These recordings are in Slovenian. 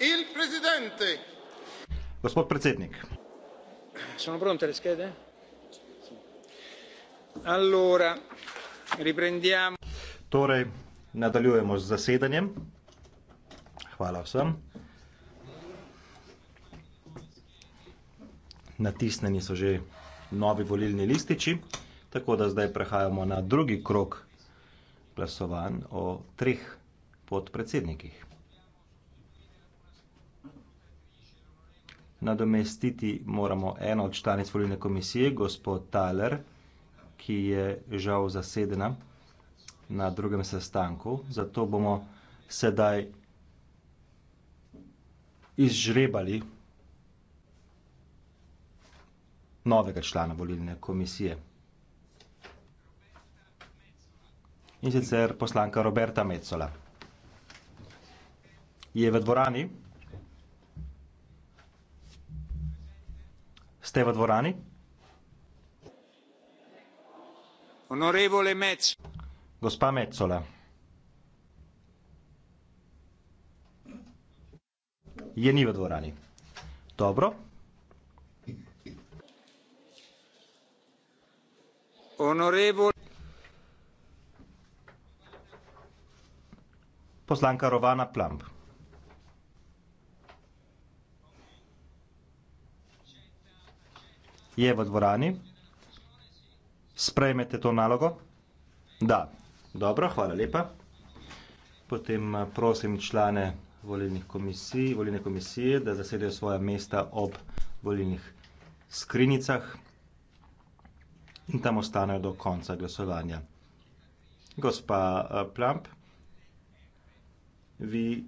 il presidente. Gospod predsednik. Sono pronte le schede? Allora, riprendiamo. Torej, nadaljujemo z zasedanjem. Hvala vsem. Natisneni so že novi volilni lističi, tako da zdaj prehajamo na drugi krok glasovanj o treh podpredsednikih. Nadomestiti moramo eno od članic volilne komisije, gospod Taler, ki je žal zasedena na drugem sestanku. Zato bomo sedaj izžrebali novega člana volilne komisije. In sicer poslanka Roberta Mecola. Je v dvorani? Ste v dvorani? Gospa Metsola. Je ni v dvorani. Dobro. Poslanka Rovana Plamp. je v dvorani. Sprejmete to nalogo? Da. Dobro, hvala lepa. Potem eh, prosim člane volilnih komisij, volilne komisije, da zasedejo svoja mesta ob volilnih skrinicah in tam ostanejo do konca glasovanja. Gospa eh, Plamp, vi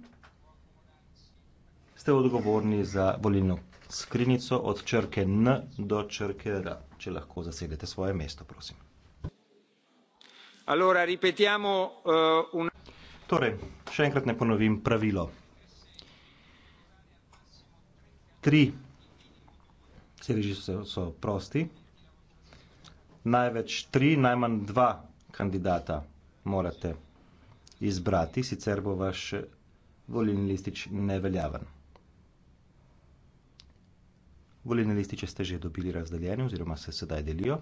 ste odgovorni za volilno skrinjico od črke N do črke R. Če lahko zasedete svoje mesto, prosim. Allora, ripetiamo, uh, un... Torej, še enkrat ne ponovim pravilo. Tri sedeži so, so prosti, največ tri, najmanj dva kandidata morate izbrati, sicer bo vaš volilni listič neveljaven. Volilne lističe ste že dobili razdeljene oziroma se sedaj delijo.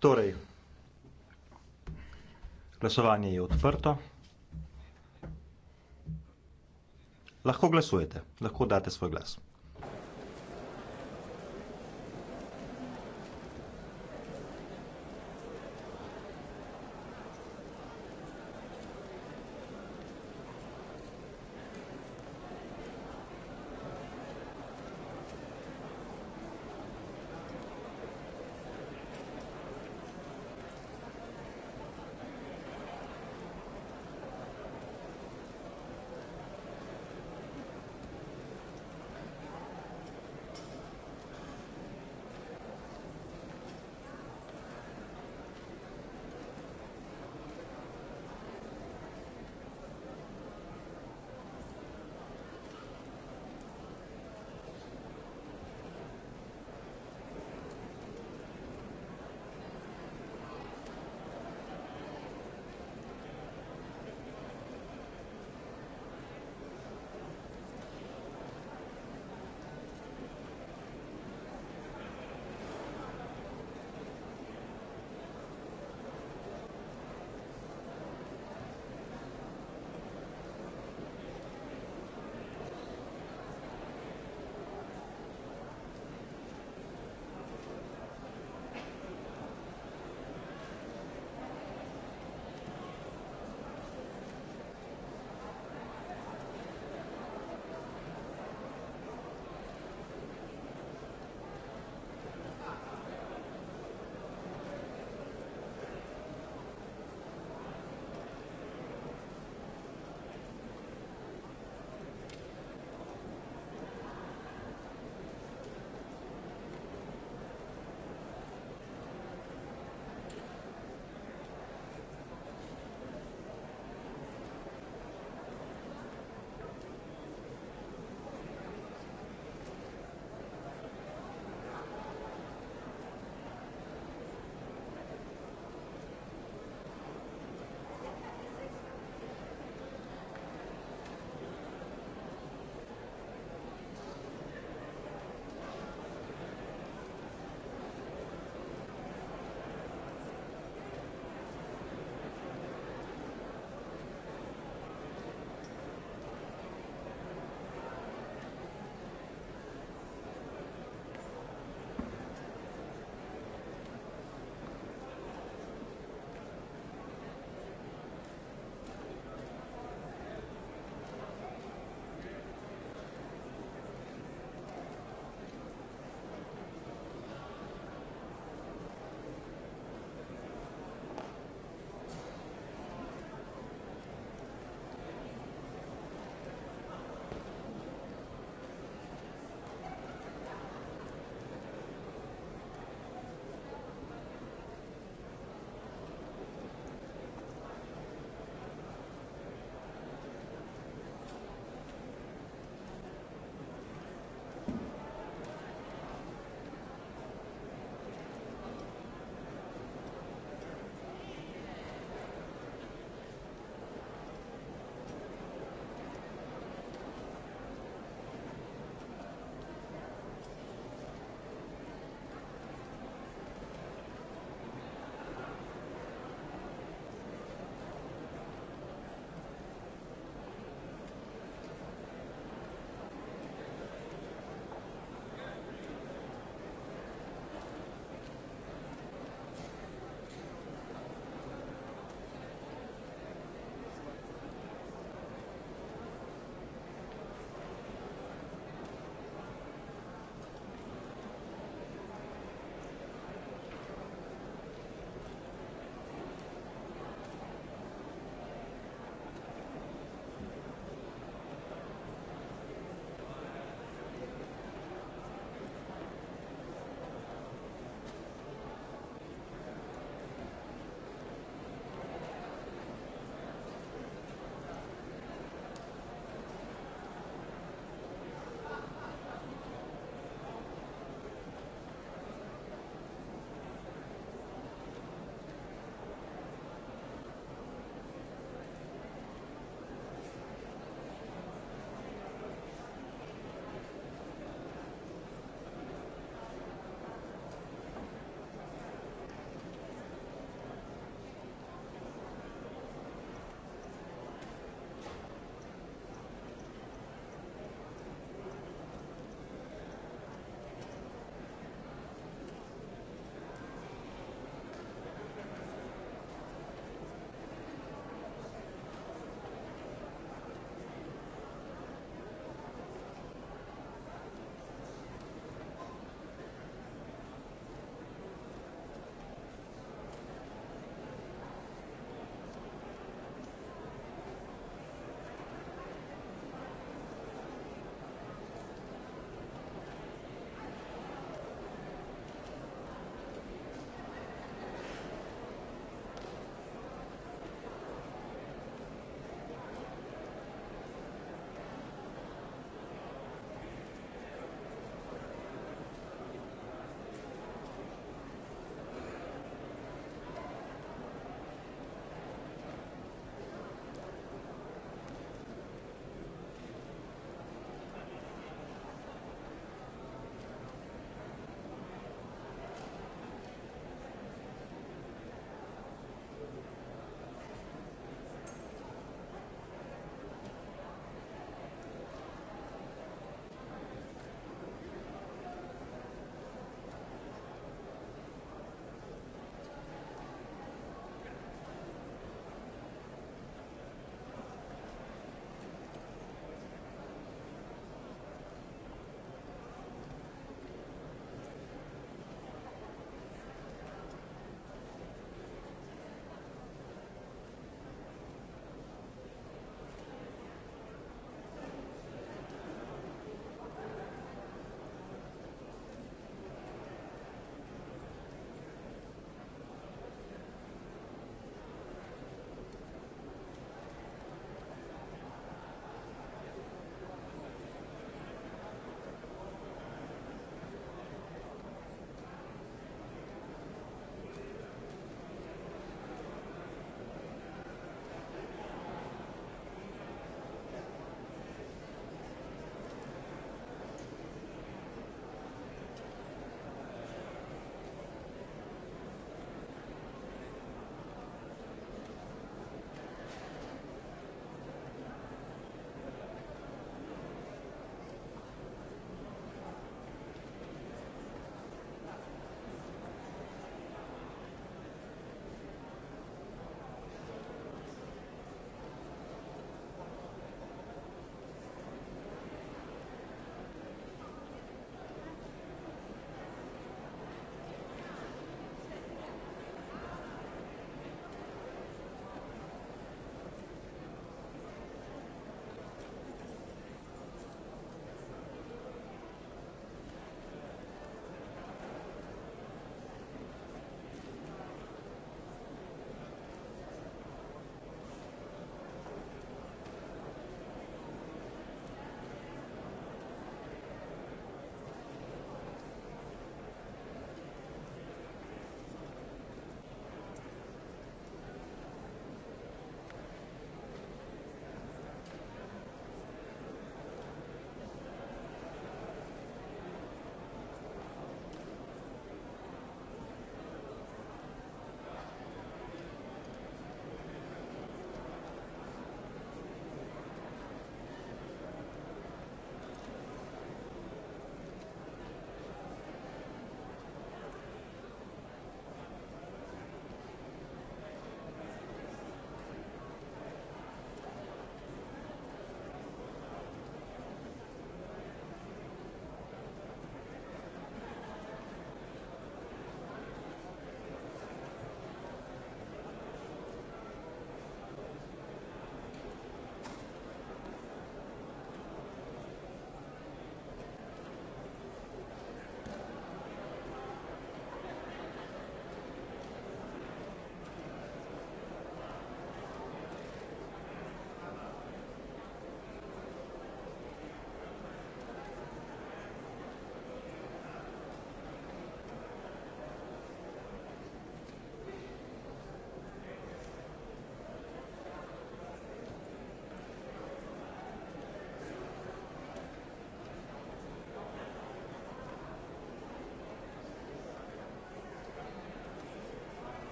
torej glasovanje je odprto. Lahko glasujete, lahko daste svoj glas.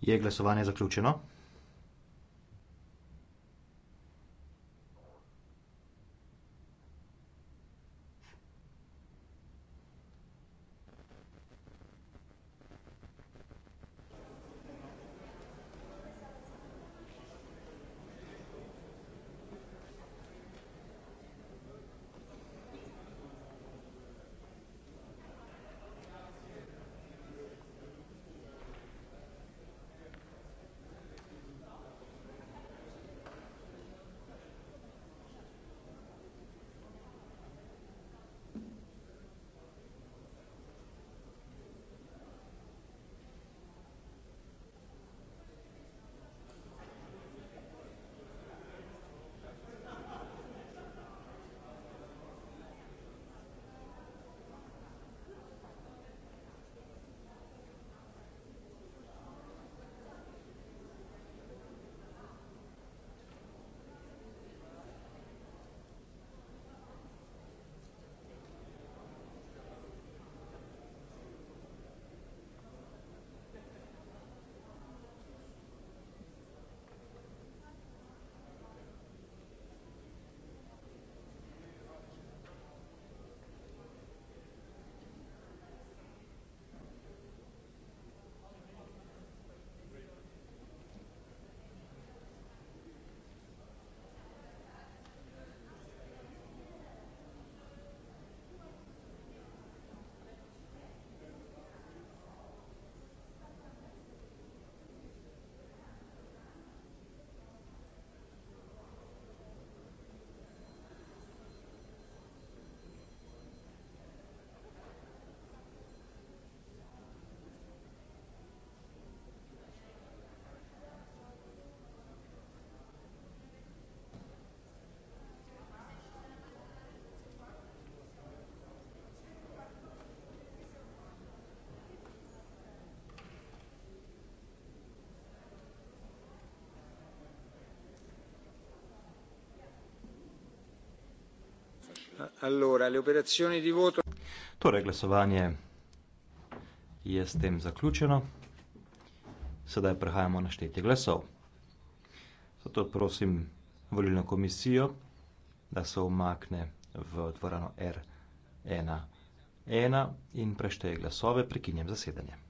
je glasovanje zaključeno? Torej, glasovanje je s tem zaključeno. Sedaj prehajamo na štetje glasov. Zato prosim volilno komisijo, da se umakne v dvorano R11 in prešteje glasove. Prekinjam zasedanje.